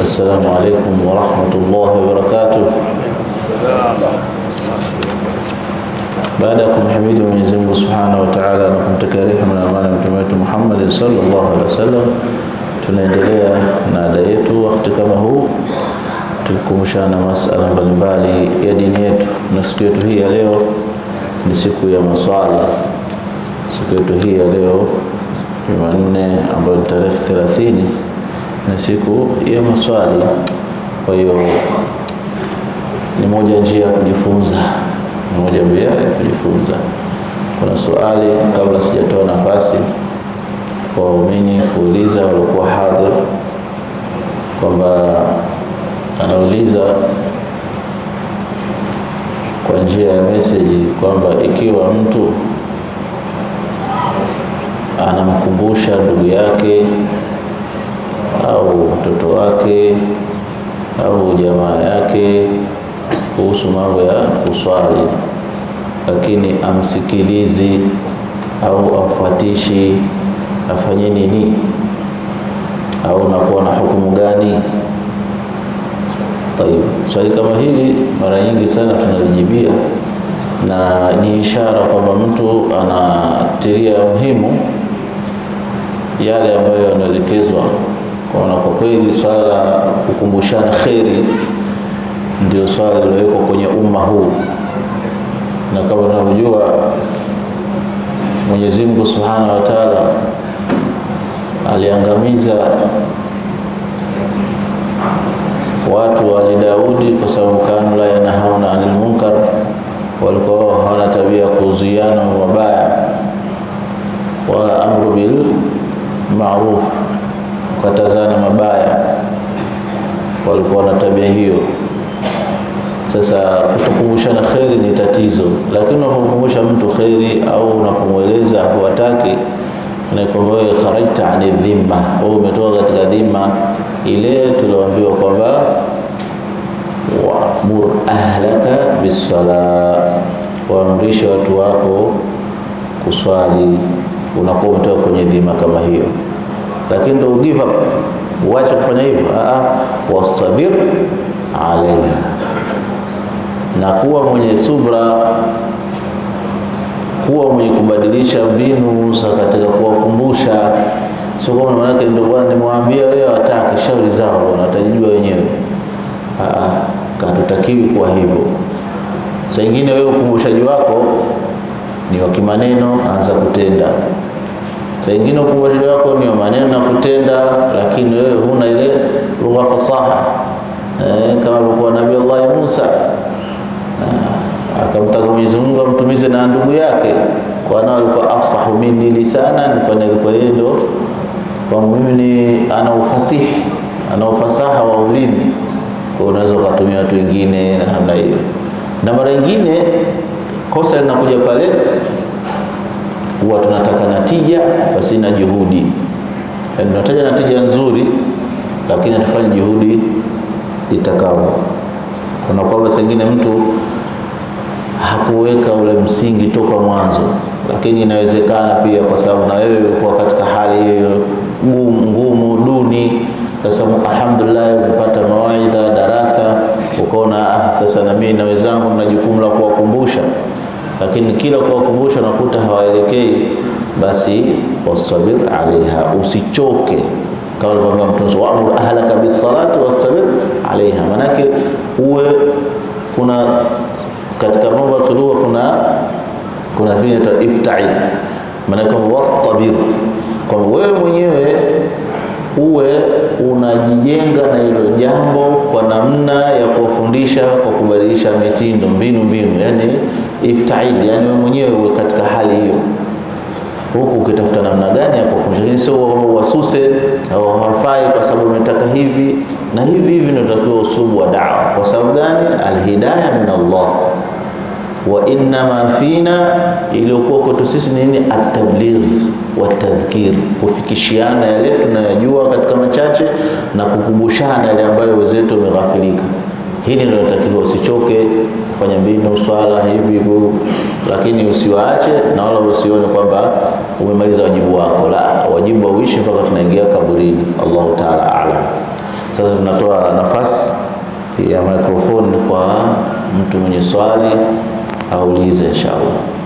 السلام عليكم ورحمة الله وبركاته baada ya kumhimidi Mwenyezi Mungu Subhanahu wa Ta'ala na kumtakarifia na amani mtume wetu Muhammad sallallahu tunaendelea na ada yetu wakati kama huu, tukikumbushana masala mbalimbali ya dini yetu. Na siku yetu hii ya leo ni siku ya maswala, siku yetu hii ya leo Jumanne ambayo ni tarehe 30 na siku ya maswali. Kwa hiyo ni moja njia ya kujifunza, ni moja njia ya kujifunza. Kuna swali kabla sijatoa nafasi kwa waumini kuuliza waliokuwa hadhir, kwamba anauliza kwa njia ya meseji kwamba ikiwa mtu anamkumbusha ndugu yake au mtoto wake au jamaa yake kuhusu mambo ya kuswali, lakini amsikilizi au amfuatishi, afanye nini au nakuwa na hukumu gani? Tayib, swali kama hili mara nyingi sana tunalijibia, na ni ishara kwamba mtu anatilia muhimu yale ambayo yanaelekezwa kwa kwa kweli swala la kukumbushana kheri ndio swala lilowekwa kwenye umma huu, na kama tunavyojua Mwenyezi Mungu Subhanahu wa Ta'ala aliangamiza watu wa Daudi kwa sababu kanu la yanahauna anil munkar, walikuwa hawana tabia kuzuiana mabaya, wala amru bil ma'ruf katazana mabaya, walikuwa na tabia hiyo. Sasa kutokumbushana kheri ni tatizo, lakini unapomkumbusha mtu kheri au unapomweleza huwataki na kwamba wewe kharajta ani dhima, wewe umetoka katika dhima ile tulioambiwa kwamba wamur ahlaka bisala, waamrishe watu wako kuswali, unakuwa umetoka kwenye dhima kama hiyo lakini ndio give up, uache kufanya hivyo. Ah, ah. Wastabir alaiha, na kuwa mwenye subra, kuwa mwenye kubadilisha mbinu za katika kuwakumbusha sio kama manake ndio bwana nimwambia wewe hataki shauri zao bwana watajijua wenyewe. Katutakiwi ah, kuwa hivyo. Saa ingine wewe ukumbushaji wako ni wa kimaneno, anza kutenda. Saa nyingine ukumbusho wako ni maneno na kutenda, lakini wewe huna ile lugha fasaha eh, kama alikuwa Nabii Allah Musa eh, akamtaka Mwenyezi Mungu amtumize na ndugu yake, kwa alikuwa afsahu minni lisanan, kwa nao alikuwa yeye ndo kwa mimi ana ufasihi ana ufasaha wa ulimi, kwa unaweza ukatumia watu wengine na namna hiyo, na mara nyingine kosa linakuja pale huwa tunataka natija basi na juhudi. Yaani tunataja natija nzuri, lakini atufanye juhudi itakao. Kuna kwamba sengine mtu hakuweka ule msingi toka mwanzo, lakini inawezekana pia kwa sababu na wewe ulikuwa katika hali hiyo ngumu duni. Sasa alhamdulillah, umepata mawaidha darasa, ukaona ah, sasa na mimi na wenzangu na jukumu la kuwakumbusha lakini kila kuwakumbusha unakuta hawaelekei, basi wastabir alaiha, usichoke kama alivyoambia Mtume wa'mur ahlaka bisalati wastabir alaiha. Manake uwe kuna katika mambo ya kilugha kuna kuna vile iftaid, maana kwamba wastabir, kwa wewe mwenyewe uwe unajijenga na hilo jambo kwa namna ya kuwafundisha kwa kubadilisha mitindo, mbinu mbinu, yani iftaidi, yani wewe mwenyewe uwe katika hali hiyo, huku ukitafuta namna gani ya kuwakumbusha, lakini sio wasuse au hawafai kwa sababu umetaka hivi na hivi hivi. Ndio utakiwa usubu wa dawa. Kwa sababu gani? Alhidayah min Allah wa inna ma fina iliyokuwa kwetu sisi nini? At-tabligh wa tadhkir, kufikishiana yale tunayajua katika machache na kukumbushana yale ambayo wenzetu wameghafilika. Hili ndio natakiwa, usichoke kufanya mbinu swala hivi, lakini usiwaache na wala usione kwamba umemaliza wajibu wako. La, wajibu hauishi mpaka tunaingia kaburini. Allahu taala alam. Sasa tunatoa nafasi ya mikrofoni kwa mtu mwenye swali aulize inshallah.